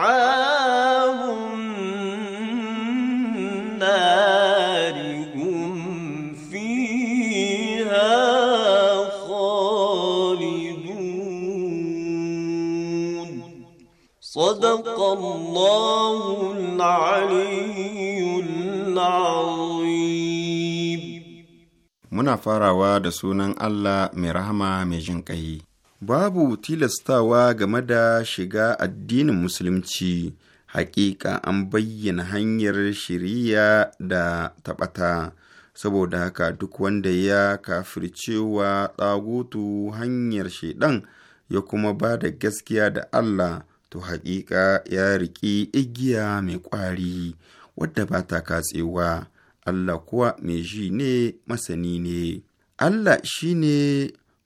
أصحاب النار هم فيها خالدون صدق الله العلي العظيم muna farawa da sunan Allah mai rahma, mai jin babu tilastawa game da shiga addinin musulunci hakika an bayyana hanyar shiriya da taɓata saboda haka duk wanda ya kafircewa tsagutu hanyar shaidan ya kuma ba da gaskiya da Allah to hakika ya riƙi igiya mai ƙwari wadda ba ta katsewa Allah kuwa mai ji ne masani ne Allah shi ne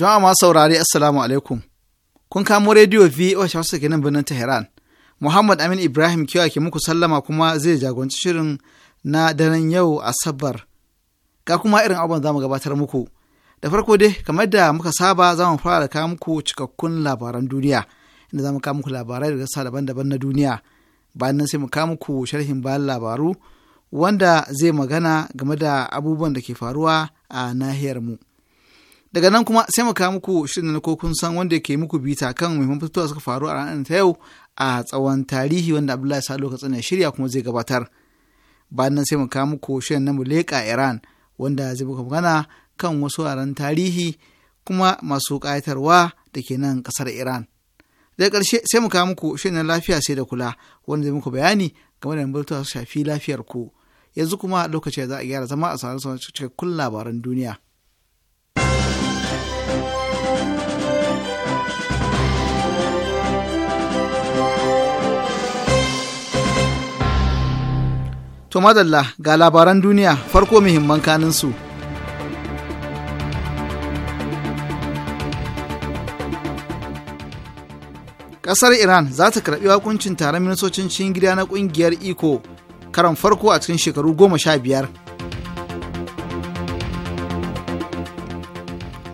Jama'a masu saurari Assalamu alaikum. Kun kamo rediyo VOH Hausa ke nan birnin Tehran. Muhammad Amin Ibrahim kiwa ke muku sallama kuma zai jagoranci shirin na daren yau Asabar. Ga kuma irin abin za mu gabatar muku. Da farko dai, kamar da muka saba za mu fara kawo muku cikakkun labaran duniya, inda za mu kawo muku labarai daga sa daban-daban na duniya. Bayan nan sai mu kawo muku sharhin bayan labaru wanda zai magana game da abubuwan da ke faruwa a nahiyar mu. daga nan kuma sai mu kawo muku shirin na ko san wanda ke muku bita kan muhimman fitowa suka faru a ranar ta yau a tsawon tarihi wanda Abdullahi Salo Katsina shirya kuma zai gabatar. Bayan nan sai mu kawo muku shirin na Muleka Iran wanda zai buga magana kan wasu wuraren tarihi kuma masu ƙayatarwa da ke nan ƙasar Iran. da ƙarshe sai mu kawo muku shirin na lafiya sai da kula wanda zai muku bayani game da batutuwa su shafi lafiyar ku. Yanzu kuma lokaci za a gyara zama a sauran cikakkun labaran duniya. To madalla ga labaran duniya farko muhimman kaninsu. Ƙasar Iran za ta karɓi hukuncin taron ministocin cikin gida na ƙungiyar iko karan farko a cikin shekaru goma sha biyar.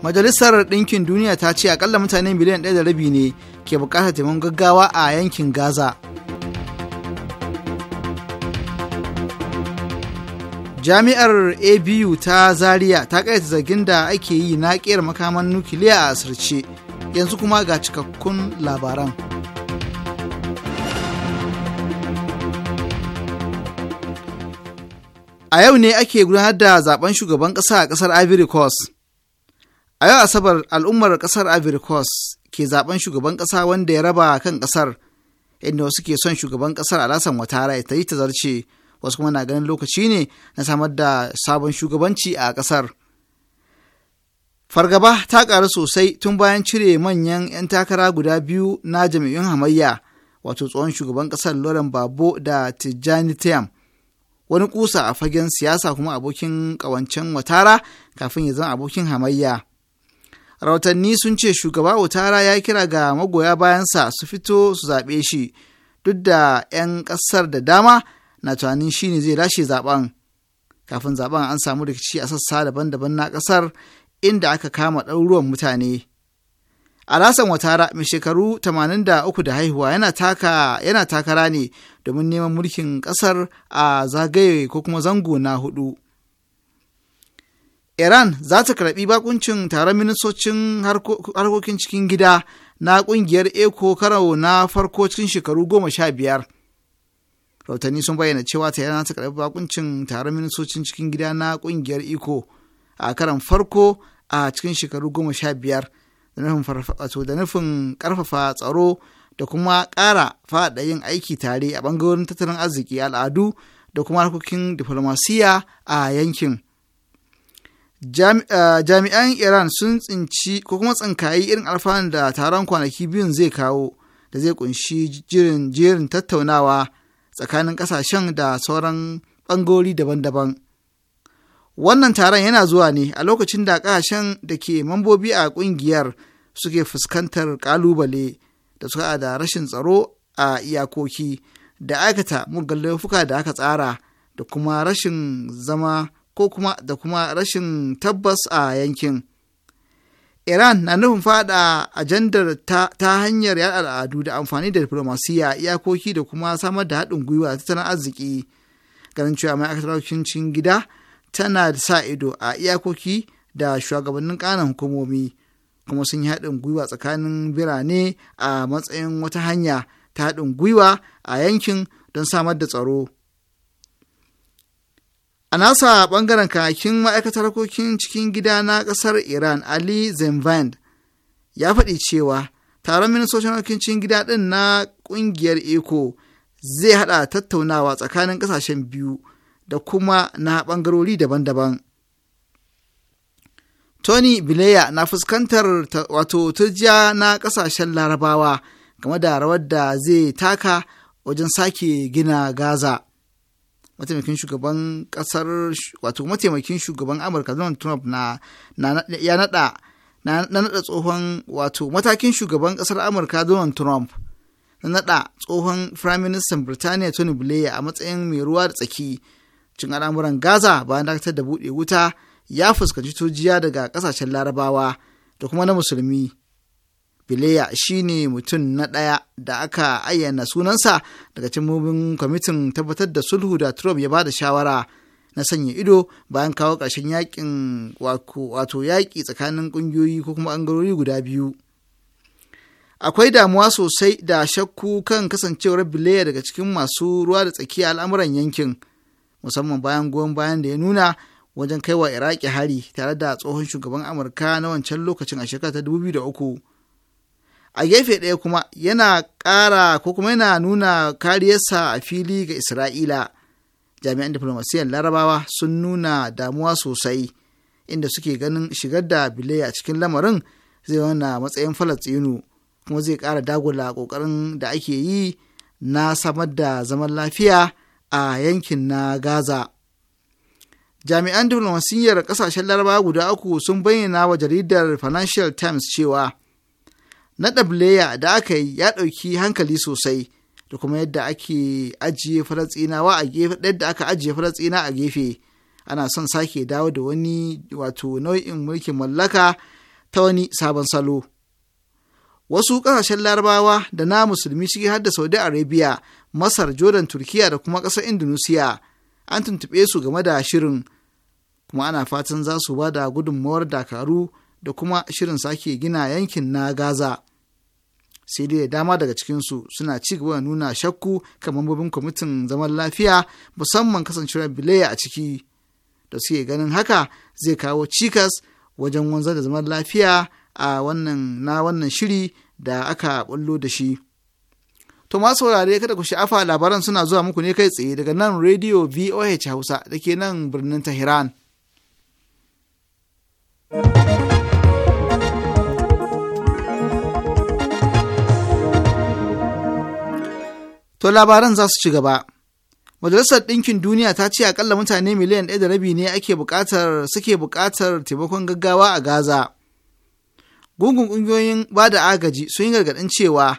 Majalisar Ɗinkin Duniya ta ce akalla mutane miliyan ɗaya da rabi ne ke buƙatar taimakon gaggawa a yankin Gaza. jami'ar abu ta zaria ta kaita zargin da ake yi na kera makaman nukiliya a asirce yanzu kuma ga cikakkun labaran a yau ne ake gudanar da zaben shugaban ƙasa a ƙasar ivory coast a yau asabar al'ummar ƙasar ivory coast ke zaben shugaban ƙasa wanda ya raba kan ƙasar inda wasu ke son shugaban ƙasar alasan watara ta yi ta zarce. wasu kuma na ganin lokaci ne na samar da sabon shugabanci a ƙasar. Fargaba ta ƙaru sosai tun bayan cire manyan 'yan takara guda biyu na jami'in hamayya, wato tsohon shugaban ƙasar Lauren Babo da Tijjani Tiam. Wani kusa a fagen siyasa kuma abokin ƙawancen Watara kafin ya zama abokin hamayya. rautanni sun ce shugaba Watara ya kira ga magoya bayansa su fito su zaɓe shi, duk da 'yan ƙasar da dama na tunanin shine zai lashe zaben kafin zaben an samu rikici a sassa daban-daban na ƙasar inda aka kama ɗaruruwan mutane a alasan watara mai shekaru 83 da haihuwa yana taka yana takara ne domin neman mulkin ƙasar a zagaye ko kuma zango na hudu Iran za ta karɓi bakuncin taron ministocin harkokin cikin gida na ƙungiyar Eko karo na farko cikin shekaru goma sha biyar. rahotanni sun bayyana cewa ta ta karɓi bakuncin taron ministocin cikin gida na ƙungiyar iko a karan farko a cikin shekaru goma sha biyar da nufin karfafa tsaro da kuma ƙara faɗa yin aiki tare a bangarorin tattalin arziki al'adu da kuma harkokin diflomasiya a yankin. Eh, jami'an Iran sun tsinci ko kuma tsinkayi irin alfanu da taron kwanaki biyun zai kawo da zai kunshi jerin tattaunawa tsakanin ƙasashen da sauran ɓangori daban-daban. Wannan taron yana zuwa ne a lokacin da ƙasashen da ke mambobi a ƙungiyar suke fuskantar ƙalubale da suka da rashin tsaro a iyakoki da aikata muggan laifuka da aka tsara da kuma rashin zama ko kuma da kuma rashin tabbas a yankin. Iran na nufin fada ajandar ta, ta hanyar yada al'adu da amfani da diplomasiya iyakoki da kuma samar da haɗin gwiwa ta tattalin arziki ganin cewa ma'aikatar cikin gida tana da sa ido a iyakoki da shugabannin ƙanan hukumomi kuma sun yi haɗin gwiwa tsakanin birane a matsayin wata hanya ta haɗin gwiwa a yankin don samar da tsaro A nasa ɓangaren kakin ma'aikatar harkokin cikin gida na ƙasar Iran Ali Zemvand ya faɗi cewa taron ministocin harkokin cikin gida ɗin na ƙungiyar ECO zai haɗa tattaunawa tsakanin ƙasashen biyu da kuma na ɓangarori daban-daban. Tony Bileya na fuskantar wato turjiya na ƙasashen larabawa game da rawar da zai taka wajen sake gina Gaza. mataimakin shugaban kasar wato mataimakin shugaban amurka donald trump na ya nada na nada tsohon wato matakin shugaban kasar amurka donald trump na nada tsohon prime minister birtaniya tony blair a matsayin mai ruwa da tsaki cin al'amuran gaza bayan dakatar da buɗe wuta ya fuskanci tojiya daga kasashen larabawa da kuma na musulmi shi ne mutum na ɗaya da aka ayyana sunansa daga cimobin kwamitin tabbatar da sulhu da Trump ya ba da shawara na sanya ido bayan kawo ƙarshen yakin wato yaƙi tsakanin ƙungiyoyi ko kuma ɓangarori guda biyu. Akwai damuwa sosai da shakku kan kasancewar Bileya daga cikin masu ruwa da tsakiya al'amuran yankin, musamman bayan goyon bayan da ya nuna wajen kaiwa Iraki hari tare da tsohon shugaban Amurka na wancan lokacin a shekara ta 2003. a gefe ɗaya kuma yana ƙara ko kuma yana nuna kariyarsa a fili ga isra'ila jami'an diflomasiyyar larabawa sun nuna damuwa sosai inda suke ganin shigar da bile a cikin lamarin zai wana matsayin falastinu kuma zai ƙara dagula ƙoƙarin da ake yi na samar da zaman lafiya a yankin na gaza jami'an diflomasiyyar ƙasashen larabawa guda uku sun bayyana wa jaridar financial times cewa na da aka yi ya ɗauki hankali sosai da kuma yadda ake ajiye a gefe yadda aka ajiye tsina a gefe ana son sake dawo da wani wato nau'in mulkin mallaka ta wani sabon salo wasu ƙasashen larabawa da na musulmi ciki har da saudi arabia masar jordan turkiya da kuma ƙasar indonesia an tuntuɓe su game da shirin kuma ana fatan za su ba da gudunmawar dakaru da kuma shirin sake gina yankin na gaza sai dai da dama daga cikinsu suna ci gaba da nuna shakku kan mambobin kwamitin zaman lafiya musamman kasancewar bilaya a ciki da suke ganin haka zai kawo cikas wajen wanzar da zaman lafiya a wannan na wannan shiri da aka bullo da shi. To masu saurare kada ku sha'afa labaran suna zuwa muku ne kai tsaye daga nan Radio VOH Hausa da ke nan birnin Tehran. To labaran za su ci gaba. Majalisar Ɗinkin Duniya ta ce akalla mutane miliyan ɗaya da rabi ne ake buƙatar suke buƙatar taimakon gaggawa a Gaza. Gungun ƙungiyoyin ba da agaji sun yi gargaɗin cewa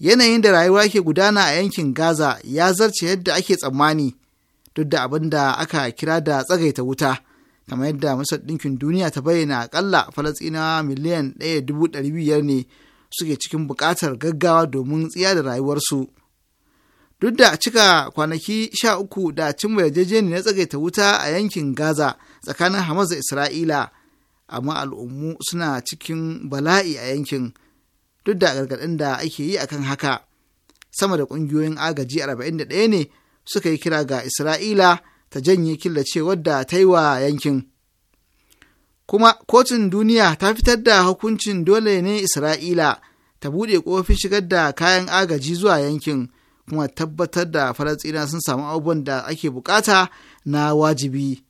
yanayin da rayuwa ke gudana a yankin Gaza ya zarce yadda ake tsammani duk da abin da aka kira da tsagaita wuta. Kamar yadda Majalisar Ɗinkin Duniya ta bayyana akalla Falasɗinawa miliyan ɗaya dubu ɗari biyar ne suke cikin buƙatar gaggawa domin tsiya da rayuwarsu. duk da cika kwanaki sha uku da cimma yajejeni na tsagaita wuta a yankin gaza tsakanin hamas da isra'ila amma al'ummu suna cikin bala'i a yankin duk da gargaɗin da ake yi akan haka sama da ƙungiyoyin agaji arba'in ɗaya ne suka yi kira ga isra'ila ta janye killacewar da ta yi wa yankin kuma kotun duniya ta fitar da hukuncin dole ne isra'ila ta buɗe ƙofin shigar da kayan agaji zuwa yankin kuma tabbatar da falasina sun samu abubuwan da ake bukata na wajibi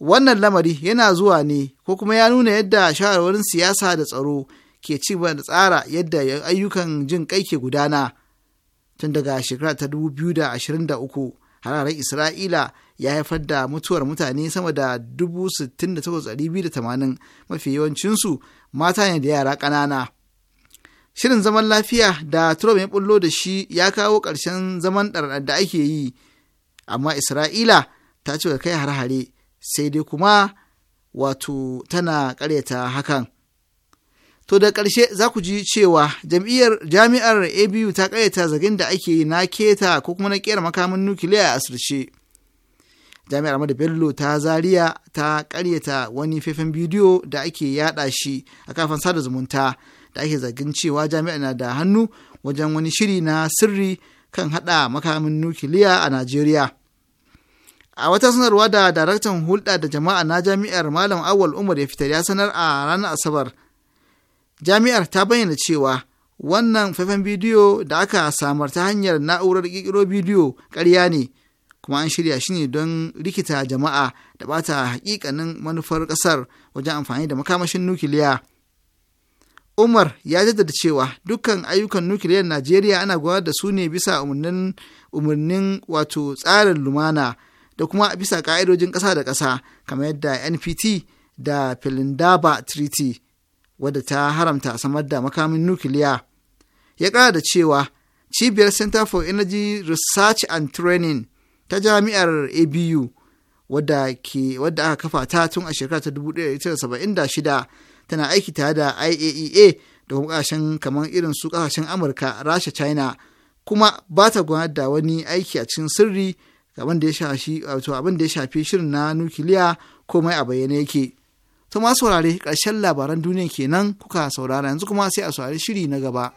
wannan lamari yana zuwa ne ko kuma ya nuna yadda shawarwarin siyasa da tsaro ke ci da tsara yadda ayyukan jin kai ke gudana tun daga shekara ta 2023 hararar isra'ila ya haifar da mutuwar mutane sama da 68,280 mafi yawancinsu mata ne da yara ƙanana. Shirin zaman lafiya da Trump ya bullo da shi ya kawo ƙarshen zaman ɗarɗar da ake yi, amma Isra'ila ta ce kai har-hare, sai dai kuma wato tana ƙaryata hakan. To da ƙarshe za ku ji cewa jam'iyyar jami'ar ABU ta ƙaryata zagin da ake yi na keta ko kuma na ƙera makamin nukiliya a asirce. Jami'ar Ahmadu Bello ta zariya ta ƙaryata wani faifan bidiyo da ake yaɗa shi a kafin sada zumunta da ake zargin cewa jami'a na da hannu wajen wani shiri na sirri kan haɗa makamin nukiliya a Najeriya. A wata sanarwa da daraktan hulɗa da jama'a na jami'ar Malam Awal Umar ya fitar ya sanar a ranar Asabar. Jami'ar ta bayyana cewa wannan faifan bidiyo da aka samar ta hanyar na'urar ƙirƙiro bidiyo ƙarya ne kuma an shirya shi ne don rikita jama'a da bata hakikanin manufar ƙasar wajen amfani da makamashin nukiliya. Umar ya jaddada cewa dukkan ayyukan nukiliyar Najeriya ana gudanar da su ne bisa umarnin wato tsarin lumana da kuma bisa ka'idojin ƙasa da ƙasa kamar yadda NPT da Filindaba Treaty wadda ta haramta samar da makamin nukiliya. Ya ƙara da cewa cibiyar Center for Energy Research and Training ta jami'ar ABU wadda aka kafa ta tun a shekara ta 1976 tana aiki tare da iaea e da kuma kasashen kamar irin su kasashen amurka rasha china kuma ba ta gudanar da wani aiki a cikin sirri ga da ya shafi abin da ya shafi shirin na nukiliya komai a bayyane yake to ma saurare ƙarshen labaran duniya kenan kuka saurara yanzu kuma sai a saurari shiri na gaba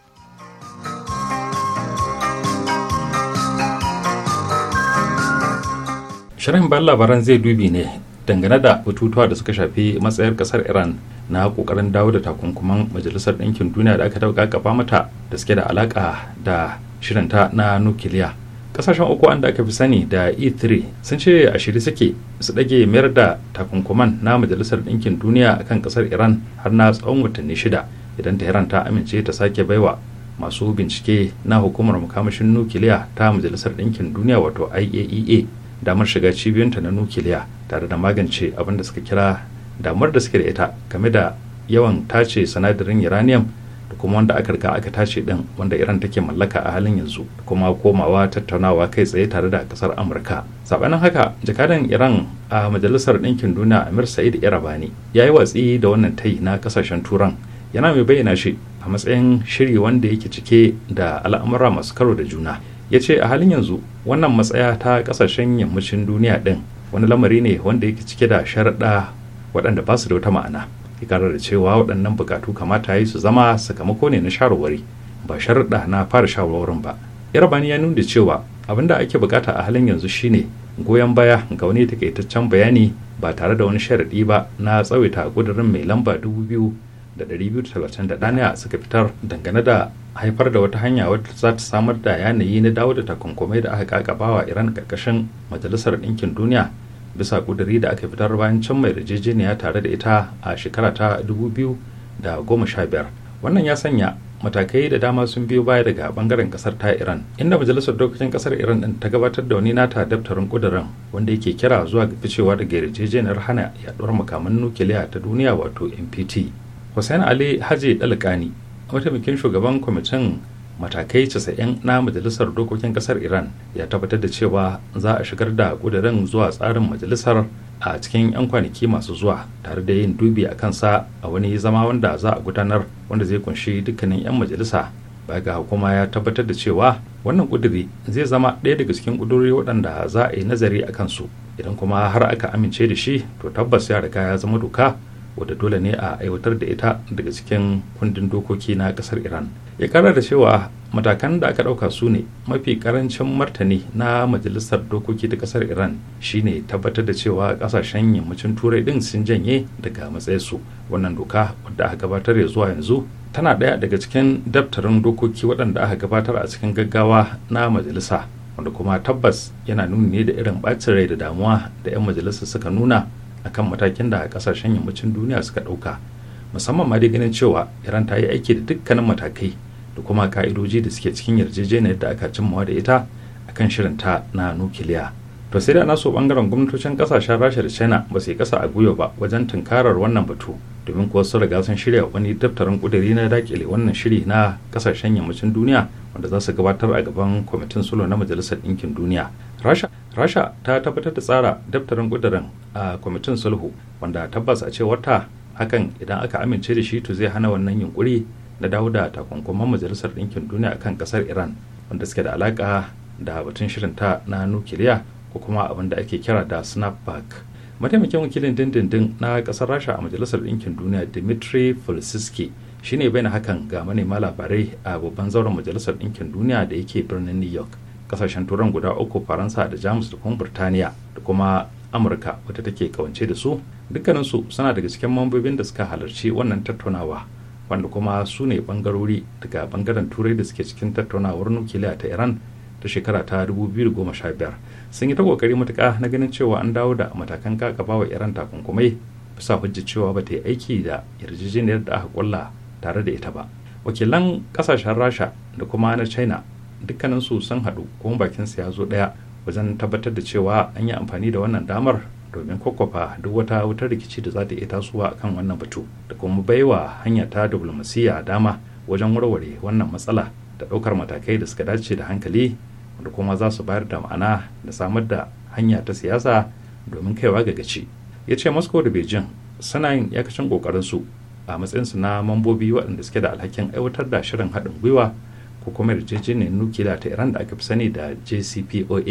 shirin bayan labaran zai dubi ne dangane da batutuwa da suka shafi matsayar kasar iran na kokarin dawo da takunkuman majalisar ɗinkin duniya da aka taɓa mata da suke da alaka da shirinta na nukiliya kasashen uku da aka fi sani da e3 sun ce a shiri suke su ɗage mayar da takunkuman na majalisar ɗinkin duniya akan ƙasar iran har na tsawon watanni shida idan ta iran ta amince ta sake baiwa masu bincike na hukumar makamashin nukiliya ta majalisar ɗinkin duniya wato iaea e damar shiga cibiyunta na nukiliya tare da magance abin da suka kira damar da suke da ita game da yawan tace sinadarin uranium da kuma wanda aka riga aka tace din wanda iran take mallaka a halin yanzu kuma komawa tattaunawa kai tsaye tare da kasar amurka sabanin haka jakadan iran a majalisar ɗinkin duniya amir sa'id irabani ya yi watsi da wannan tai na kasashen turan yana mai bayyana shi a matsayin shiri wanda yake cike da al'amura masu karo da juna ya ce a halin yanzu wannan matsaya ta kasashen yammacin duniya din wani lamari ne wanda yake cike da sharaɗa waɗanda ba su da wata ma'ana ya da cewa waɗannan bukatu kamata yi su zama sakamako ne na shawarwari ba sharuɗa na fara shawarwarin ba yarabani ya nuna cewa abin da ake bukata a halin yanzu shine goyon baya ga wani takaitaccen bayani ba tare da wani sharaɗi ba na tsawaita ƙudurin mai lamba dubu biyu da ɗari biyu da suka fitar dangane da haifar da wata hanya wadda za ta samar da yanayi na dawo da takunkumai da aka kakabawa iran ƙarƙashin majalisar ɗinkin duniya bisa ƙuduri da aka fitar bayan can mai rijijiniya tare da ita a shekara ta 2015 wannan ya sanya matakai da dama sun biyo baya daga bangaren kasar ta iran inda majalisar dokokin kasar iran din ta gabatar da wani nata daftarin kudirin wanda yake kira zuwa ga ficewa daga yarjejeniyar hana yaduwar makaman nukiliya ta duniya wato npt hussein ali haji dalkani mataimakin shugaban kwamitin matakai 90 na majalisar dokokin kasar iran ya tabbatar da cewa za a shigar da kudurin zuwa tsarin majalisar a cikin 'yan kwanaki masu zuwa tare da yin dubi a kansa a wani zama wanda za a gudanar wanda zai kunshi dukkanin 'yan majalisa baya ga hukuma ya tabbatar da cewa wannan kuduri zai zama ɗaya daga cikin kuduri waɗanda za a yi nazari a kansu idan kuma har aka amince da shi to tabbas ya riga ya zama doka wadda dole ne a aiwatar da ita daga cikin kundin dokoki na ƙasar iran ya kara da cewa matakan da aka ɗauka su ne mafi karancin martani na majalisar dokoki ta ƙasar iran shine tabbatar da cewa ƙasashen yammacin turai ɗin sun janye daga matsayinsu wannan doka wadda aka gabatar ya zuwa yanzu tana ɗaya daga cikin daftarin dokoki waɗanda aka gabatar a cikin gaggawa na majalisa wanda kuma tabbas yana nuni ne da irin ɓacin rai da damuwa da 'yan majalisa suka nuna akan matakin da ƙasashen yammacin duniya suka ɗauka musamman ma dai ganin cewa iran ta yi aiki da dukkanin matakai da kuma ka'idoji da suke cikin yarjejeniyar da aka cimmawa da ita akan shirin ta na nukiliya to sai da naso bangaren gwamnatocin kasashen rasha da china ba su yi kasa a gwiwa ba wajen tunkarar wannan batu domin kuwa sun riga sun shirya wani daftarin kudiri na dakile wannan shiri na kasashen yammacin duniya wanda za su gabatar a gaban kwamitin sulhu na majalisar ɗinkin duniya rasha rasha ta tabbatar da tsara daftarin kudirin a kwamitin sulhu wanda tabbas a cewar ta hakan idan aka amince da shi to zai hana wannan yunkuri na dawo da takunkuman majalisar ɗinkin duniya akan ƙasar iran wanda suke da alaƙa da batun shirin ta na nukiliya ko kuma abin da ake kira da snapback mataimakin wakilin dindindin na ƙasar rasha a majalisar ɗinkin duniya dimitri fulsiski shine bai na hakan ga manema labarai a babban zauren majalisar ɗinkin duniya da yake birnin new york kasashen turan guda uku faransa da jamus da kuma burtaniya da kuma amurka wata take kawance da su dukkaninsu suna daga cikin mambobin da suka halarci wannan tattaunawa wanda kuma su ne bangarori daga bangaren turai da suke cikin tattaunawar nukiliya ta iran ta shekara ta 2015 sun yi ta kokari matuka na ganin cewa an dawo da matakan kakaba wa iran takunkumai bisa hujji cewa ba ta yi aiki da yarjejeniyar da aka kulla tare da ita ba wakilan kasashen rasha da kuma na china dukkaninsu sun haɗu kuma bakin su ya zo ɗaya wajen tabbatar da cewa an yi amfani da wannan damar domin kwakwafa duk wata wutar rikici da za ta iya tasowa akan wannan batu da kuma baiwa hanya ta diplomasiya dama wajen warware wannan matsala da ɗaukar matakai da suka dace da hankali wanda kuma za su bayar da ma'ana da samar da hanya ta siyasa domin kaiwa ga gaci ya ce moscow da beijing suna yin yakacin kokarin su a matsayin su na mambobi waɗanda suke da alhakin aiwatar da shirin haɗin gwiwa ko kuma yarjejeniyar nukiliya ta iran da aka fi sani da jcpoa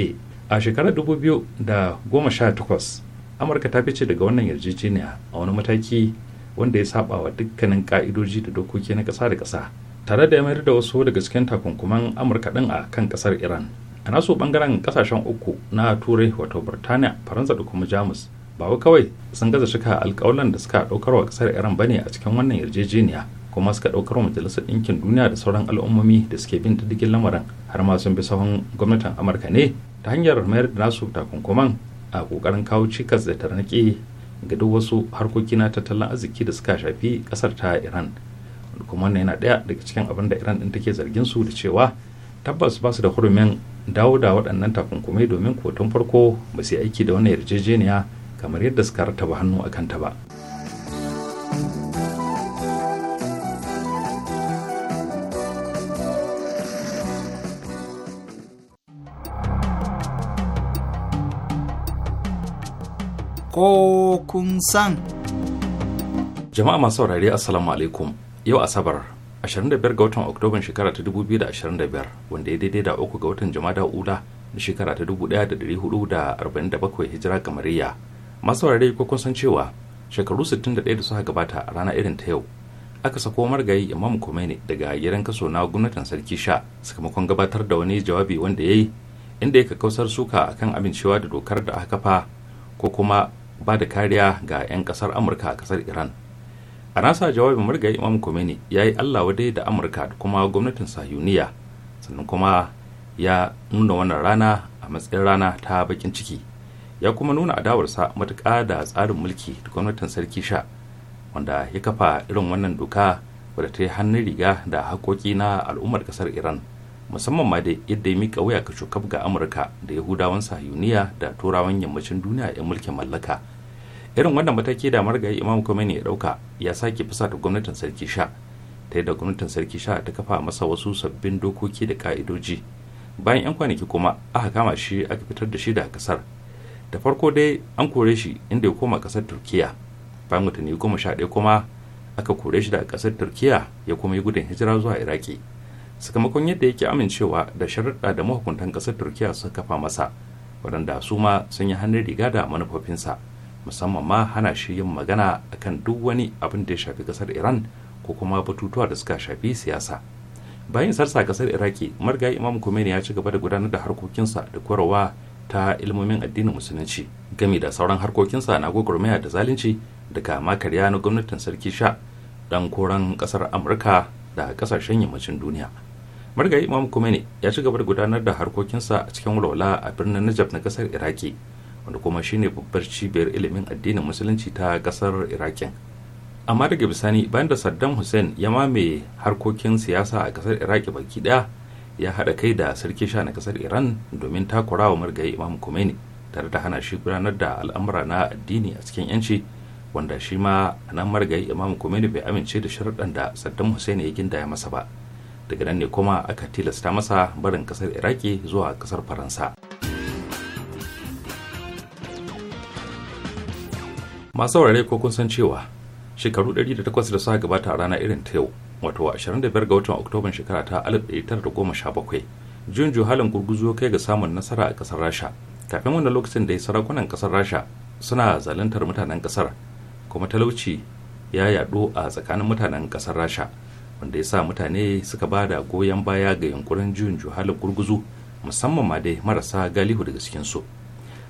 a shekarar 2018 amurka ta fice daga wannan yarjejeniya a wani mataki wanda ya saba wa dukkanin ka'idoji da dokoki na ƙasa da ƙasa tare da ya mayar da wasu daga cikin takunkuman amurka ɗin a kan ƙasar iran a naso bangaren ƙasashen uku na turai wato birtaniya faransa da kuma jamus ba wai kawai sun gaza cika alƙawalan da suka ɗaukar wa ƙasar iran bane a cikin wannan yarjejeniya kuma suka ɗaukar wa majalisar ɗinkin duniya da sauran al'ummomi da suke bin diddigin lamarin har ma sun bi sahun gwamnatin amurka ne ta hanyar mayar da nasu takunkuman a kokarin kawo cikas da tarnaƙi ga duk wasu harkoki na tattalin arziki da suka shafi kasar ta iran kuma wannan yana ɗaya daga cikin abin da iran ɗin take zargin su da cewa tabbas ba su da hurumin dawo da waɗannan takunkumai domin kotun farko ba su yi aiki da wani yarjejeniya kamar yadda suka rataba hannu a kanta ba ko kun san. Jama'a masu saurari Assalamu alaikum yau Asabar 25 ga watan Oktoban shekara ta 2025 wanda ya daidai da uku ga watan Jama'a Ula na shekara ta 1447 hijira kamariya. Masu saurari ko kun san cewa shekaru 61 da suka gabata a rana irin ta yau aka sako margayi Imam Khomeini daga gidan kaso na gwamnatin sarki sha sakamakon gabatar da wani jawabi wanda ya yi inda ya kakkausar suka akan amincewa da dokar da aka kafa ko kuma ba da kariya ga 'yan kasar amurka a kasar iran a nasa jawabin murgaye imam khomeini ya yi allah wadai da amurka da kuma gwamnatin sahuniya sannan kuma ya nuna wannan rana a matsayin rana ta bakin ciki ya kuma nuna adawarsa matuƙa da tsarin mulki da gwamnatin sarki sha wanda ya kafa irin wannan doka wadda ta yi hannun riga da haƙoƙi na al'ummar ƙasar iran musamman ma da yadda ya mika wuya ka cokaf ga amurka da yahudawan sahiyuniya da turawan yammacin duniya 'yan mulkin mallaka irin wannan mataki da ya imam Khomeini ya dauka ya sake da gwamnatin sarki sha ta yadda gwamnatin sarki sha ta kafa masa wasu sabbin dokoki da ka'idoji bayan 'yan kwanaki kuma aka kama shi aka fitar da shi da kasar da farko dai an kore shi inda ya koma kasar turkiya bayan watanni goma sha ɗaya kuma aka kore shi daga kasar turkiya ya kuma yi gudun hijira zuwa iraki sakamakon yadda yake amincewa da sharuɗa da mahukuntan ƙasar turkiya suka kafa masa waɗanda su ma sun yi hannun riga da manufofinsa musamman ma hana shi yin magana akan duk wani abin da ya shafi ƙasar iran ko kuma batutuwa da suka shafi siyasa bayan sarsa ƙasar iraki margayi imam kumeni ya ci gaba da gudanar da harkokinsa da korowa ta ilmomin addinin musulunci gami da sauran harkokinsa na gwagwarmaya da zalunci daga makarya na gwamnatin sarki sha dan koran ƙasar amurka da ƙasashen yammacin duniya margayi imam kumeni ya ci gaba da gudanar da harkokinsa a cikin walwala a birnin najaf na kasar iraki wanda kuma shine babbar cibiyar ilimin addinin musulunci ta kasar irakin amma daga bisani bayan da saddam hussein ya mame harkokin siyasa a kasar iraki baki daya ya haɗa kai da sarki sha na kasar iran domin takurawa margayi imam kumeni tare da hana shi gudanar da al'amura na addini a cikin yanci wanda shi ma nan margayi imam kumeni bai amince da sharuɗan da saddam hussein ya gindaya masa ba daga nan ne kuma aka tilasta masa barin kasar iraki zuwa kasar faransa masu saurare ko kun san cewa shekaru 108 da suka gabata a rana irin ta yau wato 25 ga watan oktoban shekara ta 1917 jun juhalin gurguzu kai ga samun nasara a kasar rasha kafin wannan lokacin da sarakunan kasar rasha suna zalantar mutanen kasar kuma talauci ya yaɗu a tsakanin mutanen kasar rasha wanda ya sa mutane suka ba da goyon baya ga yunkurin juyin juhalar gurguzu musamman ma dai marasa galihu daga cikin su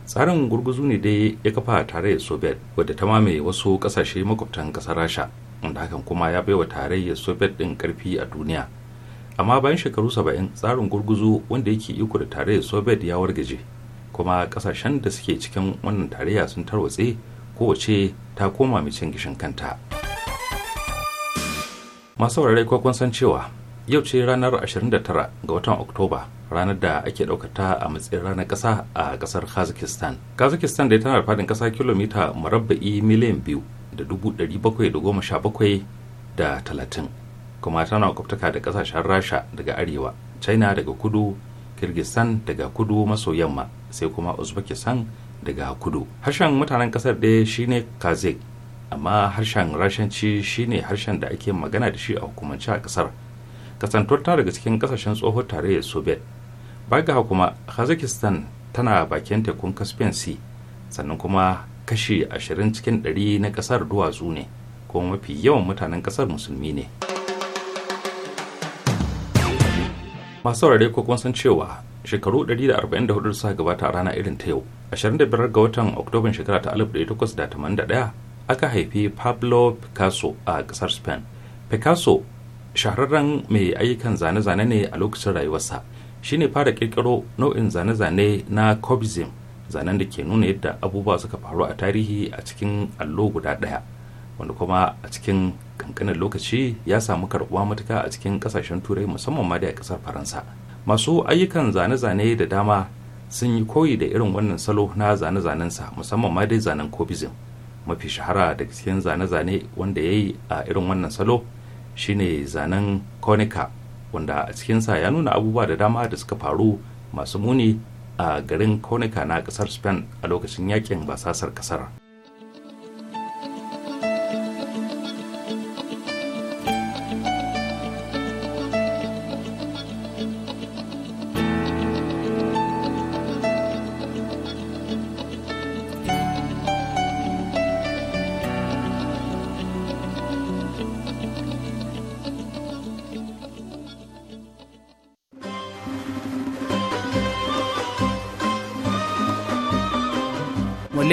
tsarin gurguzu ne dai ya kafa tarayyar soviet wadda ta mamaye wasu kasashe makwabtan kasar rasha wanda hakan kuma ya baiwa tarayyar soviet din karfi a duniya amma bayan shekaru saba'in tsarin gurguzu wanda yake iko da tarayyar soviet ya wargaje kuma kasashen da suke cikin wannan tarayya sun tarwatse kowace ta koma mai cin gishin kanta. masu saurare ko kun san cewa yau ce ranar 29 ga watan oktoba ranar da ake ɗaukata a matsayin ranar ƙasa a ƙasar kazakistan kazakistan da tana da faɗin ƙasa kilomita murabba'i miliyan biyu da dubu ɗari bakwai da goma sha bakwai da talatin kuma tana kwaftaka da ƙasashen rasha daga arewa china daga kudu kirgistan daga kudu maso yamma sai kuma uzbekistan daga kudu harshen mutanen ƙasar ɗaya shine kazakh amma harshen rashanci shine harshen da ake magana da shi a hukumance a kasar kasantuwar ta daga cikin kasashen tsohon tarayyar soviet baga kuma kazakistan tana bakin tekun caspian sea sannan kuma kashi 20 cikin 100 na kasar duwatsu ne kuma mafi yawan mutanen kasar musulmi ne masu saurare ko kuma san cewa shekaru 144 suka gabata a rana irin ta yau 25 ga watan oktoban shekara ta 1881 aka haifi pablo picasso a ƙasar spain picasso shahararren mai ayyukan zane-zane ne a lokacin rayuwarsa shi ne fara kirkiro nau'in zane-zane na cubism zanen da ke nuna yadda abubuwa suka faru a tarihi a cikin allo guda ɗaya wanda kuma a cikin kankanin lokaci ya samu karɓuwa matuka a cikin ƙasashen turai musamman ma da a ƙasar faransa masu ayyukan zane-zane da dama sun yi koyi da irin wannan salo na zane-zanensa musamman ma dai zanen cubism mafi shahara da cikin zane-zane wanda ya yi a irin wannan salo shine zanen konika wanda a cikinsa ya nuna abubuwa da dama da suka faru masu muni a garin konika na kasar spain a lokacin yakin basasar kasar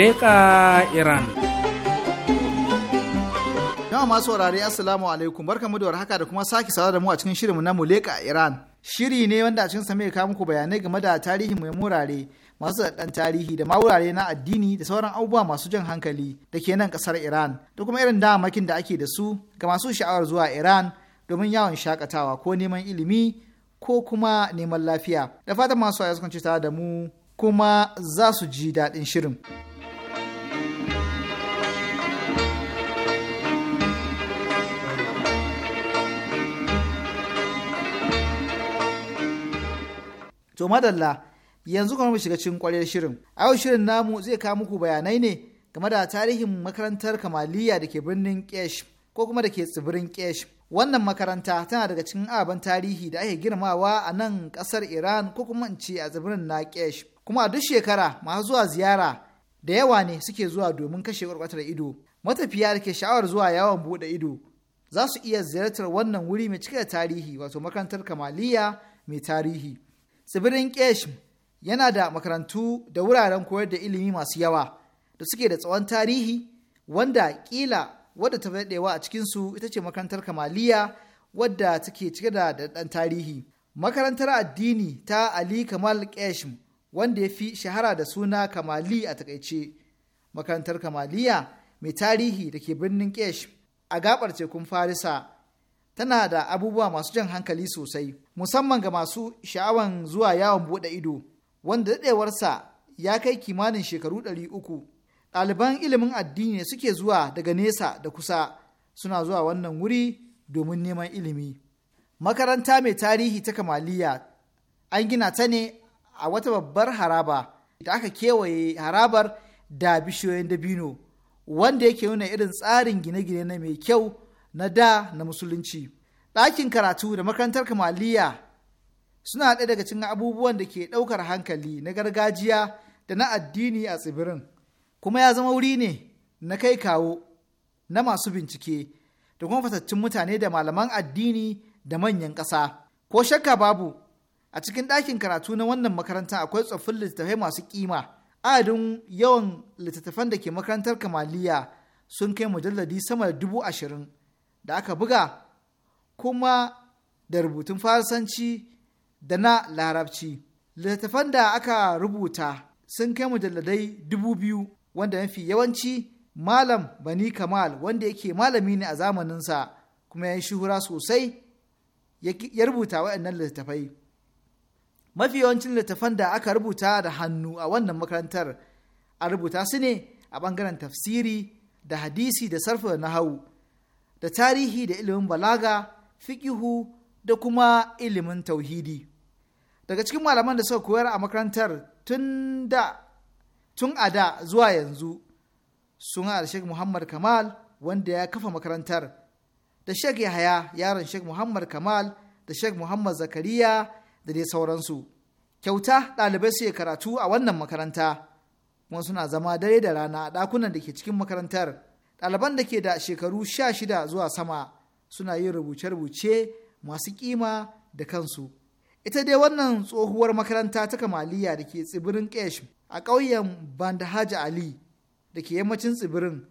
leƙa Iran. Yawa masu wurare Assalamu alaikum barkamu da warhaka da kuma sake sawa da mu a cikin shirinmu na Muleka Iran. Shiri ne wanda a cikin sa mai muku bayanai game da tarihin mai murare masu daɗan tarihi da mawurare na addini da sauran abubuwa masu jan hankali da ke nan ƙasar Iran da kuma irin damakin da ake da su ga masu sha'awar zuwa Iran domin yawon shakatawa ko neman ilimi ko kuma neman lafiya. Da fatan masu wurare sukan tare da mu kuma za su ji daɗin shirin. to madalla yanzu kuma mu shiga cikin kwarar shirin a yau shirin namu zai kawo muku bayanai ne game da tarihin makarantar kamaliya da ke birnin kesh ko kuma da ke tsibirin kesh wannan makaranta tana daga cikin ababen tarihi da ake girmawa a nan ƙasar iran ko kuma in ce a tsibirin na kesh kuma a duk shekara masu zuwa ziyara da yawa ne suke zuwa domin kashe kwarkwatar ido matafiya da ke sha'awar zuwa yawon buɗe ido za su iya ziyartar wannan wuri mai cike da tarihi wato makarantar kamaliya mai tarihi tsibirin kesh yana da makarantu da wuraren koyar da ilimi masu yawa da suke da tsawon tarihi wanda kila wadda ta daɗewa a cikinsu ita ce makarantar kamaliya wadda take cike da daɗan tarihi makarantar addini ta ali kamal kesh wanda ya fi shahara da suna kamali a takaice makarantar kamaliya mai tarihi da ke birnin kesh a gabar tekun farisa tana da abubuwa masu jan hankali sosai musamman ga masu sha'awan zuwa yawon buɗe ido wanda daɗewarsa ya kai kimanin shekaru ɗari uku ɗaliban ilimin addini ne suke zuwa daga nesa da kusa suna zuwa wannan wuri domin neman ilimi makaranta mai tarihi ta kamaliya an gina ta ne a wata babbar haraba da aka kewaye harabar da bishiyoyin dabino wanda yake nuna irin tsarin gine-gine na mai kyau na da na musulunci ɗakin karatu da makarantar kamaliya suna ɗaya daga cikin abubuwan da ke ɗaukar hankali na gargajiya da na addini a tsibirin kuma ya zama wuri ne na kai kawo na masu bincike da kuma fatattun mutane da malaman addini da manyan ƙasa ko shakka babu a cikin ɗakin karatu na wannan makaranta akwai tsoffin littattafai masu kima adadin yawan littattafan da ke makarantar kamaliya sun kai mujalladi sama da dubu ashirin da aka buga kuma da rubutun Faransanci da na Larabci. Littattafan da aka rubuta sun kai mujalladai dubu biyu wanda mafi yawanci Malam Bani Kamal wanda yake malami ne a zamaninsa kuma ya yi shuhura sosai ya rubuta waɗannan littattafai. Mafi yawancin littattafan da aka rubuta da hannu a wannan makarantar a rubuta su ne a ɓangaren tafsiri da hadisi da sarfa na nahawu. da tarihi da ilimin balaga fikihu da kuma ilimin tauhidi daga cikin malaman da suka koyar a makarantar tun a da zuwa yanzu suna da sheik Muhammad Kamal wanda ya kafa makarantar da sheik Yahaya yaron sheik Muhammad Kamal da sheik Muhammad Zakariya da dai sauransu kyauta ɗalibai su karatu a wannan makaranta kuma suna zama dare da rana ɗakunan da ke cikin makarantar ɗaliban da ke da shekaru sha shida zuwa sama suna yin rubuce-rubuce masu kima da kansu ita dai wannan tsohuwar makaranta ta kamaliya da ke tsibirin kesh a ƙauyen bandahaji ali da ke yammacin tsibirin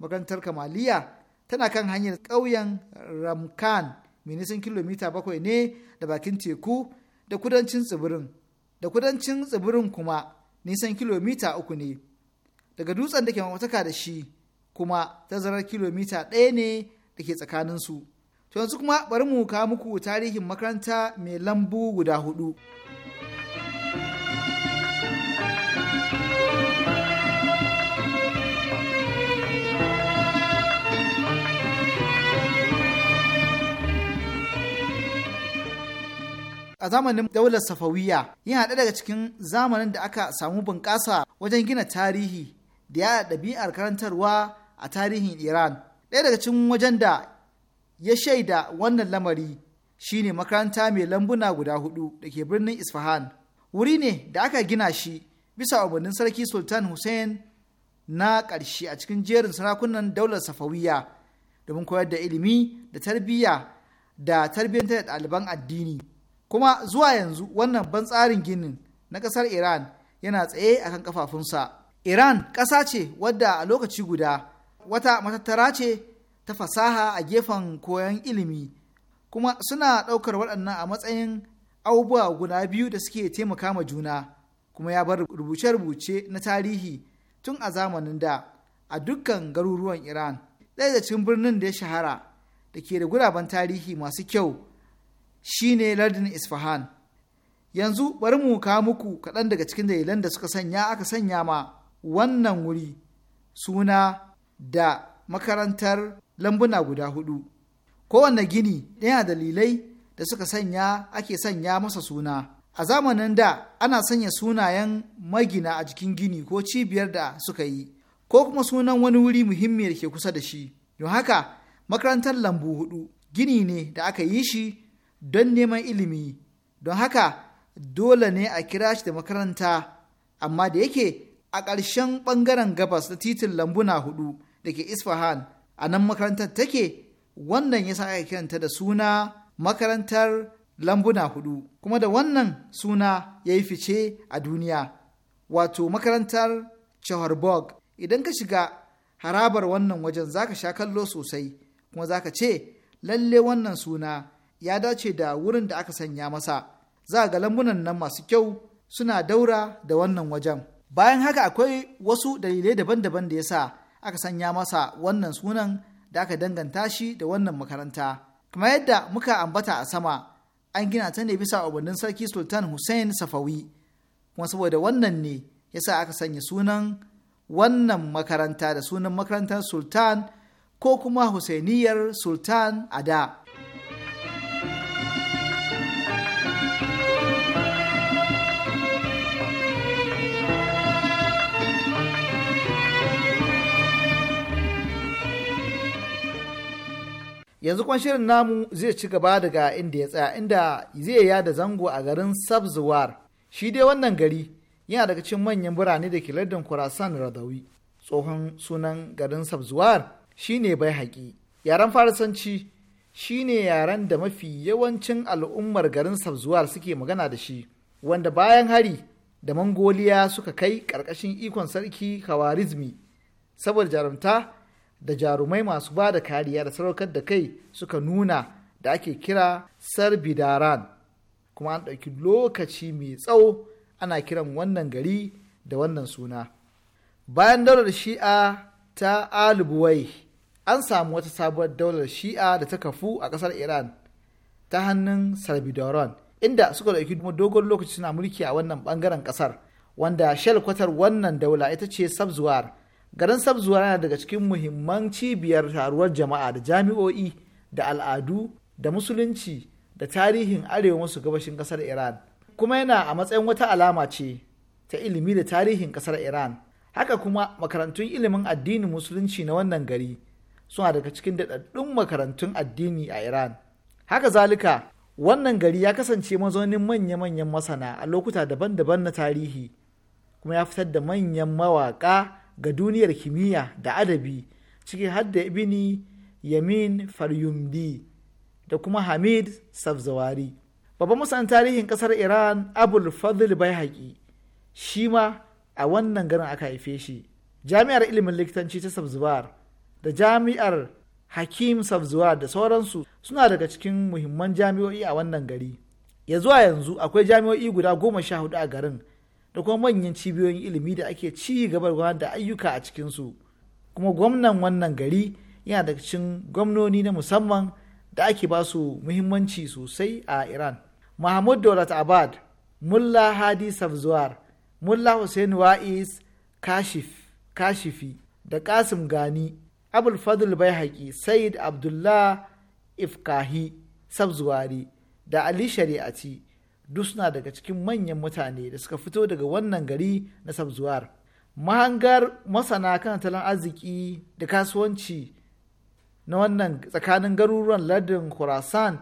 makarantar kamaliya tana kan hanyar ƙauyen ramkan mai nisan kilomita bakwai ne da bakin teku da kudancin tsibirin da kudancin tsibirin kuma nisan kilomita uku ne daga dutsen da ke mamataka da shi kuma tazarar kilomita ɗaya ne da ke tsakaninsu. To yanzu kuma bari mu kawo muku tarihin makaranta mai lambu guda hudu. a zamanin daular safawiya yin haɗe daga cikin zamanin da aka samu bunƙasa wajen gina tarihi da ya ɗabi'ar karantarwa a tarihin iran ɗaya daga cikin wajen da ya shaida wannan lamari shi ne makaranta mai lambuna guda hudu da ke birnin isfahan wuri ne da aka gina shi bisa umarnin sarki sultan hussein na ƙarshe a cikin jerin sarakunan daular safawiya domin koyar da ilimi da tarbiyya da tarbiyyantar da ɗaliban addini kuma zuwa yanzu wannan ban tsarin ginin na ƙasar iran yana tsaye a kan ƙafafunsa iran ƙasa ce wadda a lokaci guda wata matattara ce ta fasaha a gefen koyon ilimi kuma suna ɗaukar waɗannan a matsayin abubuwa guda biyu da suke taimaka ma juna kuma ya bar rubuce-rubuce na tarihi tun a zamanin da a dukkan garuruwan iran ɗaya da cikin birnin da ya shahara da ke da guraben tarihi masu kyau shine lardin isfahan yanzu bari mu kawo muku kaɗan daga cikin dalilan da suka sanya aka sanya ma wannan wuri suna da makarantar lambuna guda hudu. Kowane gini yana dalilai da suka sanya ake sanya masa suna. A zamanin da ana sanya sunayen magina a jikin gini ko cibiyar da suka yi, ko kuma sunan wani wuri muhimmi da ke kusa da shi. Don haka, makarantar lambu hudu gini ne da aka yi shi don neman ilimi. Don haka, dole ne a kira shi da makaranta, amma da yake a ƙarshen ɓangaren gabas da titin lambuna hudu. da ke Isfahan a nan makarantar take wannan ya sa aka kiranta da suna makarantar lambuna hudu kuma da wannan suna ya yi fice a duniya wato makarantar Chaharborg idan ka shiga harabar wannan wajen zaka sha kallo sosai kuma zaka ce lalle wannan suna ya dace da wurin da aka sanya masa za ga lambunan nan masu kyau suna daura da wannan wajen bayan haka akwai wasu dalilai daban-daban da ya sa aka sanya masa wannan sunan da aka danganta shi da wannan makaranta kamar yadda muka ambata a sama an gina ta ne bisa umarnin sarki sultan hussein safawi kuma saboda wannan ne yasa aka sanya sunan wannan makaranta da sunan makarantar sultan ko kuma husainiyar sultan a da yanzu kwan shirin namu zai ci gaba daga inda ya tsaya inda zai ya da zango a garin sabzuwar shi dai wannan gari yana daga cikin manyan birane da ke lardin kurasan radawi tsohon sunan garin sabzuwar shine bai haƙi yaren farisanci shine yaren da mafi yawancin al'ummar garin sabzuwar suke magana da shi wanda bayan hari da mangoliya suka kai ƙarƙashin ikon sarki kawarizmi saboda jarumta da jarumai masu ba da kariya da saraukar da kai suka nuna da ake kira sarbidaran kuma an ɗauki lokaci mai tsawo ana kiran wannan gari da wannan suna bayan daular shi'a ta alibuwai an samu wata sabuwar daular shi'a da ta kafu a ƙasar iran ta hannun sarbidaran inda suka ɗauki dogon lokaci suna mulki a wannan ɓangaren ƙasar wanda shalkwatar wannan daula ita ce sabzuwar garin sabzuwa yana daga cikin muhimman cibiyar taruwar jama'a da jami'o'i da al'adu da musulunci da tarihin arewa masu gabashin kasar iran kuma yana a matsayin wata alama ce ta ilimi da tarihin kasar iran haka kuma makarantun ilimin addinin musulunci na wannan gari suna daga cikin daɗaɗɗun makarantun addini a iran haka zalika wannan gari ya kasance mazaunin manya-manyan masana a lokuta daban-daban na tarihi kuma ya fitar da manyan mawaƙa ga duniyar kimiyya da adabi ciki har da ibini yamin faryumdi da kuma hamid safzawari babban musan tarihin kasar iran abul fadl bai shi ma a wannan garin aka haife shi jami'ar ilimin likitanci ta safzawar da jami'ar hakim safzawar da sauransu suna daga cikin muhimman jami'o'i a wannan gari ya zuwa yanzu akwai jami'o'i guda goma sha hudu a garin da kuma manyan cibiyoyin ilimi da ake ci gaba da ayyuka a cikinsu kuma gwamnan wannan gari yana da cikin gwamnoni na musamman da ake ba su muhimmanci sosai a iran mahmud daulat abad mulla hadi safzuwar mulla hussein wa'is kashif kashifi da kasim gani abul fadl bai said abdullah ifkahi safzuwari da ali shari'ati duk suna daga cikin manyan mutane da suka fito daga wannan gari na sabzuwar mahangar masana kan talan arziki da kasuwanci na wannan tsakanin garuruwan Ladin khurasan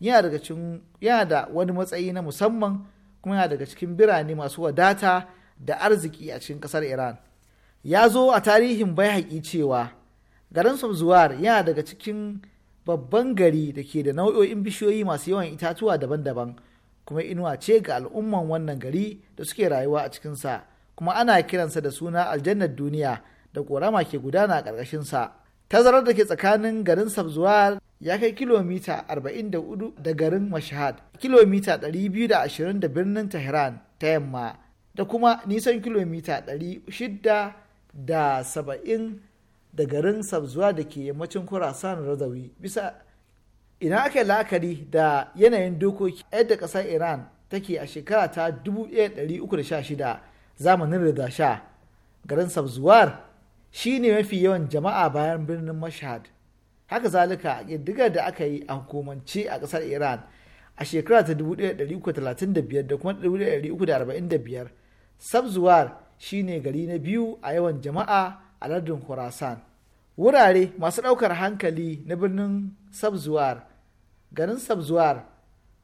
yana da wani matsayi na musamman kuma yana daga cikin birane masu wadata da arziki a cikin kasar iran ya zo a tarihin bai cewa garin samzuwar yana daga cikin babban gari da ke da nau'o'in bishiyoyi masu yawan itatuwa daban-daban kuma inuwa ce ga al'umman wannan gari da suke rayuwa a cikinsa kuma ana kiransa da suna aljannar duniya da korama ke gudana a ƙarƙashinsa tazarar da ke tsakanin garin sabzuwar ya kai kilomita 44 da garin mashahad kilomita 220 da birnin tehran ta yamma da kuma nisan kilomita 670 da garin sabzuwa da ke yammacin kurasan razawi bisa idan aka yi la'akari da yanayin dokoki yadda kasar iran take a shekara ta 1316 zamanin rida sha garin sabzuwar shi ne mafi yawan jama'a bayan birnin mashhad haka zalika a da aka yi a hukumance a ƙasar iran a shekara ta 1335 da kuma 1345 sabzuwar shi ne gari na biyu a yawan jama'a a lardin khorasan wurare masu ɗaukar hankali na birnin sabzuwar garin sabzuwar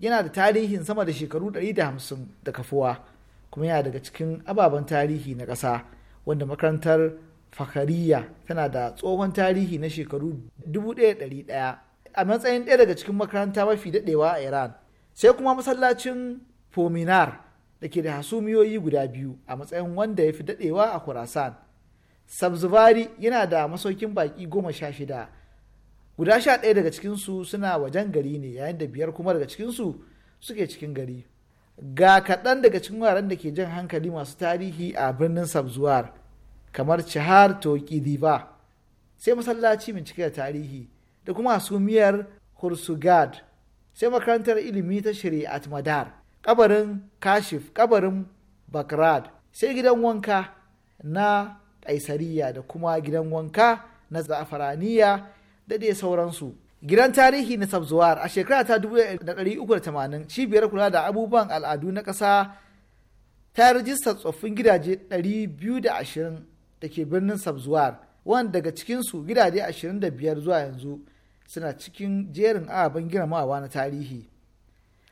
yana da tarihin sama da shekaru 150 da kafuwa kuma yana daga cikin ababen tarihi na ƙasa wanda makarantar fakariya tana da tsohon tarihi na shekaru 1100 a matsayin ɗaya daga cikin makaranta mafi daɗewa a iran sai kuma masallacin fominar da ke da hasumiyoyi guda biyu a matsayin wanda ya fi daɗewa a kurasan sabzubari yana da masaukin baƙi goma sha shida guda sha ɗaya daga cikinsu suna wajen gari ne yayin da biyar kuma daga cikinsu suke cikin gari ga kaɗan daga cikin wuraren da ke jan hankali masu tarihi a birnin sabzuwar kamar cihar toki diva sai masallaci mai cike da tarihi da kuma miyar hursugad sai makarantar ilimi ta shiri madar kabarin kashif kabarin bakrad sai gidan wanka na kaisariya da kuma gidan wanka na za'afaraniya da sauransu gidan tarihi na sabzuwar a shekara ta 1380 cibiyar kula da abubuwan al'adu na ƙasa ta rajista tsoffin gidaje 220 da ke birnin sabzuwar wanda daga cikinsu gidaje 25 zuwa yanzu suna cikin jerin ababen girmamawa na tarihi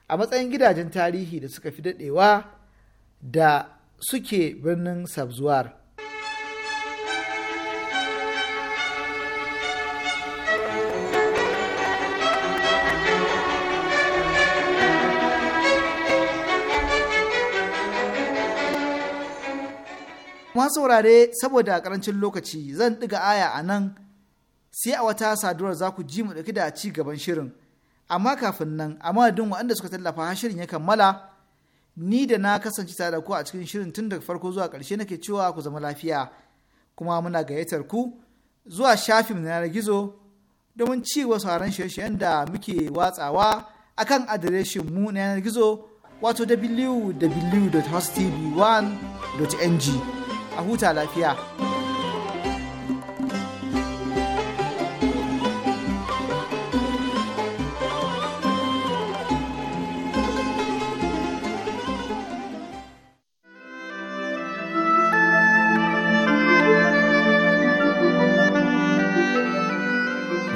a matsayin gidajen tarihi da suka fi daɗewa da suke birnin sabzuwar na saurare saboda karancin lokaci zan ɗiga aya a nan sai a wata saduwar za ku ji mu ɗauki da ci gaban shirin amma kafin nan a madadin waɗanda suka tallafa shirin ya kammala ni da na kasance tare da ku a cikin shirin tun daga farko zuwa ƙarshe nake cewa ku zama lafiya kuma muna gayyatar ku zuwa shafin na yanar gizo domin ci wasu haran shirye-shiryen da muke watsawa akan adireshin mu na yanar gizo wato www.hostv1.ng a huta lafiya.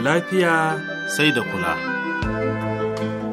Lafiya sai da kula.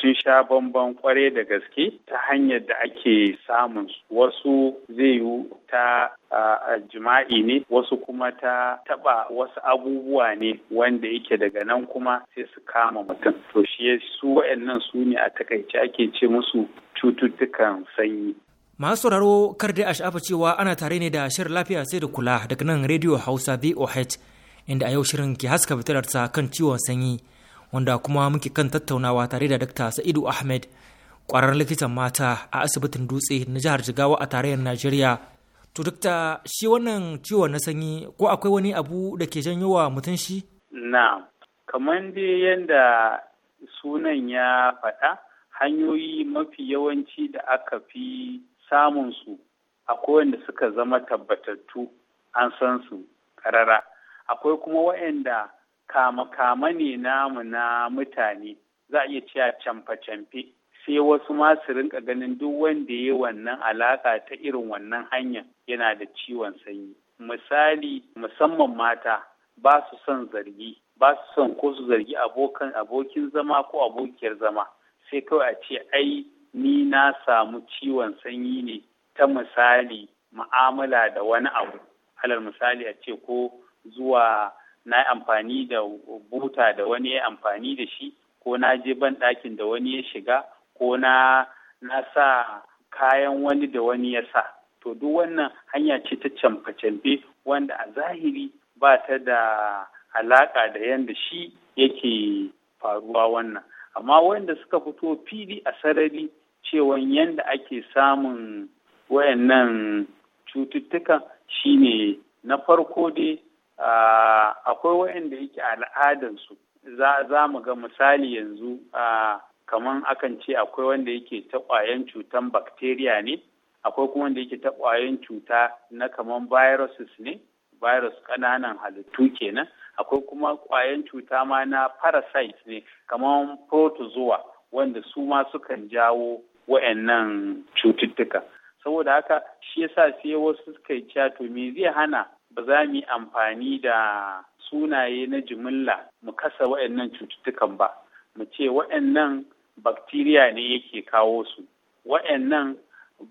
sun sha bamban kware da gaske ta hanyar da ake samun wasu zai yi ta jima'i ne wasu kuma ta taba wasu abubuwa ne wanda yake daga nan kuma sai su kama mutum to shi su wa'annan su ne a takaice ake ce musu cututtukan sanyi masu sauraro kar dai a sha'afa cewa ana tare ne da shirin lafiya sai da kula daga nan rediyo hausa voh inda a yau shirin ke haska fitilarsa kan ciwon sanyi wanda kuma muke kan tattaunawa tare da Dr. Sa'idu Ahmed kwararren likitan mata a asibitin dutse na jihar Jigawa a tarayyar Najeriya. To Dr. shi wannan ciwon na sanyi ko akwai wani abu da ke janyo wa mutum shi? Na'am. Kamar dai yadda sunan ya faɗa hanyoyi mafi yawanci da aka fi samun su akwai wanda suka zama tabbatattu an san su karara akwai kuma waɗanda kama-kama ne namu na mutane za a iya cewa camfe-camfe sai wasu ma su rinka ganin duk wanda ya wannan alaka ta irin wannan hanya yana da ciwon sanyi misali musamman mata ba su son zargi ba su son ko su zargi abokin zama ko abokiyar zama sai kawai a ce ai ni na samu ciwon sanyi ne ta misali ma'amala da wani abu alal misali a ce ko zuwa na amfani da buta da wani ya amfani da shi ko na je ban ɗakin da wani ya shiga ko na sa kayan wani da wani ya sa to duk wannan hanya ce ta camfe-camfe wanda a zahiri ba ta da alaƙa da yadda shi yake faruwa wannan amma wanda suka fito fili a sarari cewan yadda ake samun wayannan cututtukan shine na farko dai Ah, akwai waɗanda yake al'adansu za, mu ga misali yanzu ah, kamar akan ce akwai wanda yake ta ƙwayan cutan bakteriya ne akwai kuma wanda yake ta ƙwayan cuta na kamar viruses ne virus ƙananan halittu kenan akwai kuma ƙwayan cuta ma na parasite ne kamar protozoa wanda su ma sukan jawo wa'annan cututtuka saboda haka shi yasa sai wasu suka yi cato me zai hana ba za mu yi amfani da sunaye na jimilla mu kasa waɗannan cututtukan ba mu ce waɗannan bakteriya ne yake kawo su waɗannan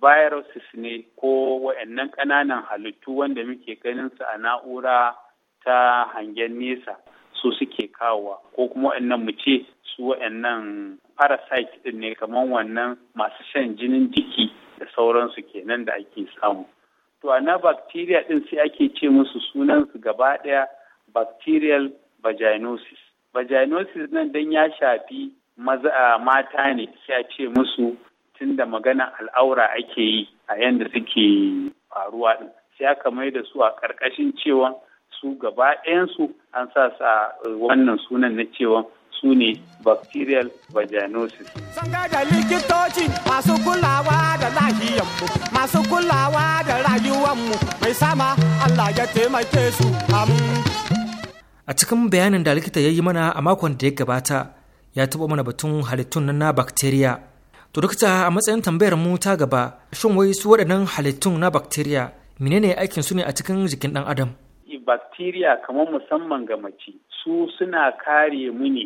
viruses ne ko waɗannan ƙananan halittu wanda muke ganin su a na'ura ta hangen nesa su suke kawowa ko kuma waɗannan mu ce su waɗannan parasite ne kamar wannan masu shan jinin jiki da sauransu kenan da ake samu to na bacteria din sai ake ce musu sunansu gaba ɗaya bacterial vaginosis vaginosis nan dan ya shafi maza mata ne sai a ce musu tun da magana al'aura ake yi a yanda suke faruwa din sai aka mai da su a ƙarƙashin cewa su gaba ɗayansu an sa sa eh, wannan sunan na cewa su ne bacterial vaginosis. Sun da likitoci masu kulawa da lahiyanmu, masu kulawa da rayuwanmu mai sama Allah ya taimake su A cikin bayanin da likita ya yi mana a makon da ya gabata, ya taɓa mana batun halittun na bakteriya. To dukta a matsayin tambayar mu ta gaba, shin wai su waɗannan halittun na bakteriya menene aikin su ne a cikin jikin ɗan adam? Bakteriya kamar musamman ga mace, su suna kare mu ne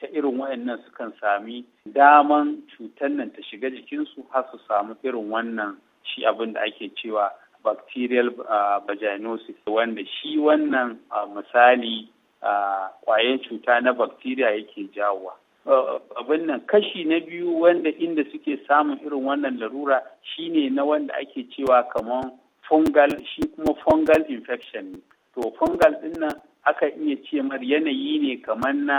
ta irin wayannan sukan sami daman cutar nan ta shiga jikinsu har su samu irin wannan shi abin da ake cewa bacterial ah, vaginosis wanda shi wannan ah, misali kwayan ah, cuta na bacteria yake jawowa abin nan kashi na biyu wanda inda suke samun irin wannan larura shine na wanda ake cewa kamar fungal shi kuma fungal infection ne to fungal din nan aka iya ce mar yanayi ne kamar na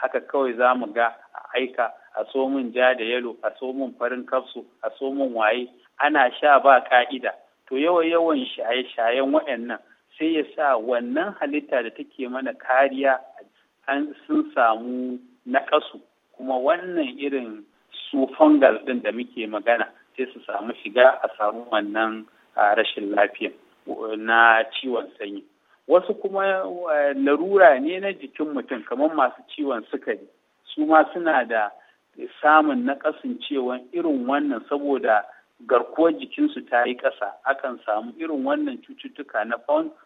haka kawai za mu ga a aika a so ja da yalo a so farin kafsu a so waye ana sha ba ka'ida to yawan yawan shaye-shayen waɗannan sai ya sa wannan halitta da take mana kariya an sun samu naƙasu kuma wannan irin su fungal ɗin da muke magana sai su samu shiga a samu wannan rashin lafiya na ciwon sanyi. wasu kuma eh, larura ne na jikin mutum kamar masu ciwon sukari su ma suna da samun na kasancewan irin wannan saboda garkuwar jikinsu ta yi ƙasa akan samu irin wannan cututtuka na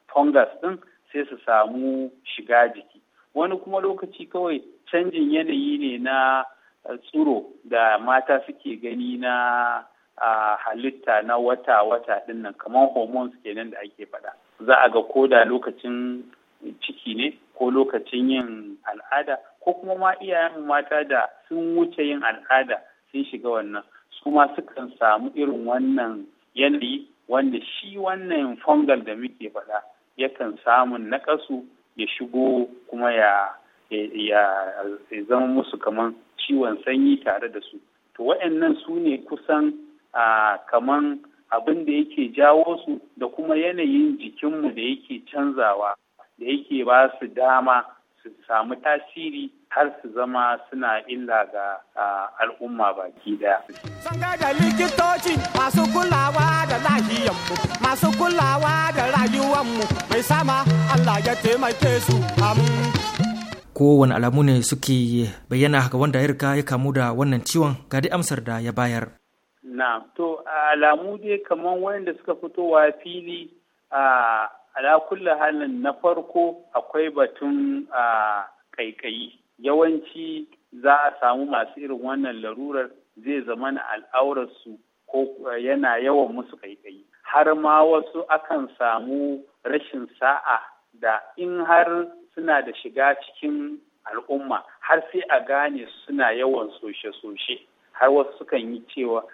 fungus ɗin sai su samu shiga jiki wani kuma lokaci kawai canjin yanayi ne na eh, tsuro da mata suke gani na ah, halitta na wata-wata ɗinnan kamar hormones kenan da ake faɗa za a ga ko da lokacin ciki ne ko lokacin yin al'ada ko kuma ma iyayen mata da sun wuce yin al'ada sun shiga wannan su ma sukan samu irin wannan yanayi wanda shi wannan fungal da muke faɗa yakan samun nakasu ya shigo kuma ya ya zama musu kaman ciwon sanyi tare da su to waɗannan su ne kusan ah, kaman abin da yake jawo su da kuma yanayin jikinmu da yake canzawa da yake ba su dama su samu tasiri har su zama suna illa ga al'umma baki daya. Sun da likitoci masu kulawa da lahiyanmu, masu kulawa da rayuwanmu mai sama Allah ya taimake su Kowane alamu ne suke bayyana ga wanda ya riga ya kamu da wannan ciwon ga amsar da ya bayar. na to alamu dai kamar wanda suka fitowa fili a alakulla halin na farko akwai batun a kaikayi yawanci za a samu masu irin wannan larurar zai zama na al'aurarsu ko yana yawan musu kaikayi har ma wasu akan samu rashin sa'a da in har suna da shiga cikin al'umma har sai a gane suna yawan soshe-soshe har wasu sukan yi cewa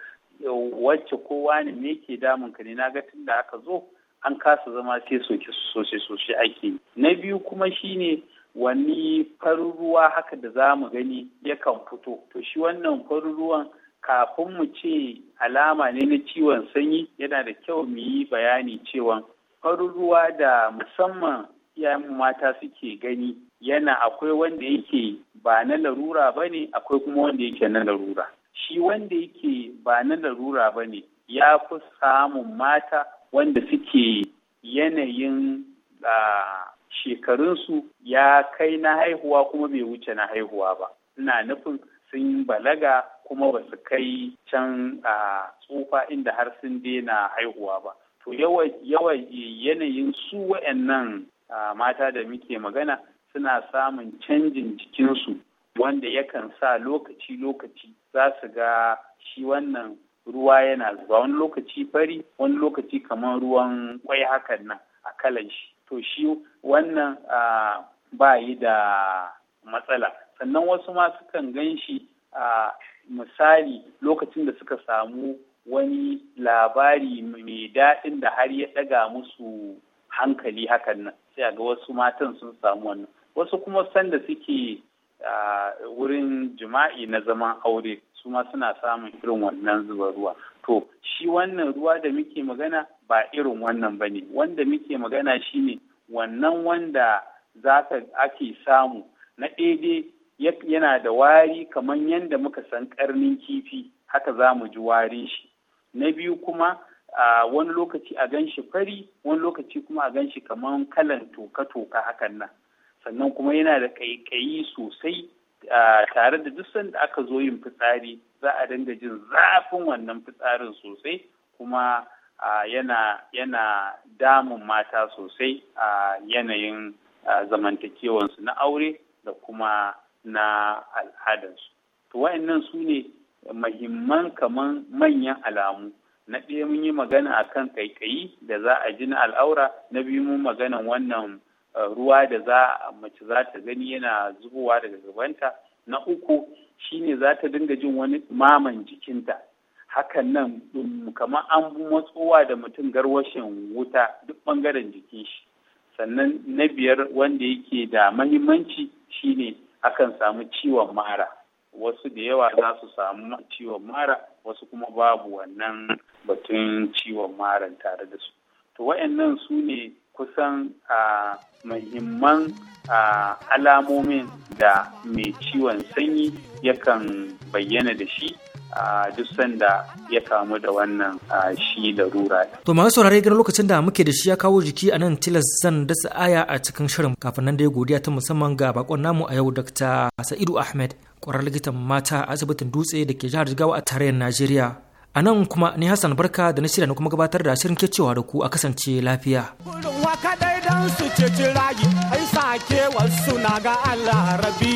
wacce kowa ne me ke damun ka ne na ga tun da aka zo an kasa zama sai soke sosai sosai ake na biyu kuma shine wani farin ruwa haka da za mu gani yakan fito to shi wannan farin ruwan kafin mu ce alama ne na ciwon sanyi yana da kyau mu yi bayani cewa farin ruwa da musamman iyayen mata suke gani yana akwai wanda yake ba na larura ba ne akwai kuma wanda yake na larura shi wanda yake ba na larura ba ne ya fi samun mata wanda suke yanayin shekarunsu ya kai na haihuwa kuma bai wuce na haihuwa ba ina nufin sun balaga kuma ba su kai can a tsufa inda har sun daina haihuwa ba to yawa yanayin su wa'annan mata da muke magana suna samun canjin jikinsu wanda yakan sa lokaci-lokaci za su ga shi wannan ruwa yana zuba wani lokaci fari wani lokaci kamar ruwan kwai hakan nan a kalan shi to shi wannan ba yi da matsala sannan wasu ma sukan gan shi a misali lokacin da suka samu wani labari mai daɗin da har ya ɗaga musu hankali hakan nan sai ga wasu matan sun samu wannan wasu kuma sanda suke wurin jima'i na zaman aure su ma suna samun irin wannan zuba ruwa to shi wannan ruwa da muke magana ba irin wannan ba ne wanda muke magana shine wannan wanda za ka ake samu na daidai yana da wari kamar yadda muka san karnin kifi haka za mu ji warin shi na biyu kuma a wani lokaci a gan shi fari wani lokaci kuma a gan shi kamar kalan toka-toka hakan nan sannan kuma yana da kaikayi sosai a tare da duk sanda aka zo yin fitsari za a dinga jin zafin wannan fitsarin sosai kuma yana yana damun mata sosai a yanayin zamantakewansu na aure da kuma na al'adarsu to wa'annan su ne mahimman kaman manyan alamu na ɗaya mun yi magana akan kaikayi da za a ji na al'aura na biyu mun magana wannan Eh, ruwa da za mace za ta gani yana zubowa daga gabanta na uku shine za ta dinga jin wani maman jikinta hakan nan kamar an matsowa da mutum garwashin wuta duk ɓangaren jikin shi sannan na biyar wanda yake da mahimmanci shine akan samu ciwon mara wasu da yawa za su samu ciwon mara wasu kuma babu wannan batun ciwon mara tare da su to wayannan su ne kusan a muhimman alamomin da mai ciwon sanyi yakan bayyana da shi a duk sanda ya kamu da wannan shi da rura. To masu saurare ganin lokacin da muke da shi ya kawo jiki a nan tilas zan dasa aya a cikin shirin kafin nan da ya godiya ta musamman ga bakon namu a yau Dr. Sa'idu Ahmed, kwarar likitan mata a asibitin dutse da ke jihar Jigawa a tarayyar Najeriya. a nan kuma ni hassan barka da na shirya na kuma gabatar da shirin cewa da ku a kasance lafiya kurin waka dai dan su ce rayu ai sake wasu na ga allah rabi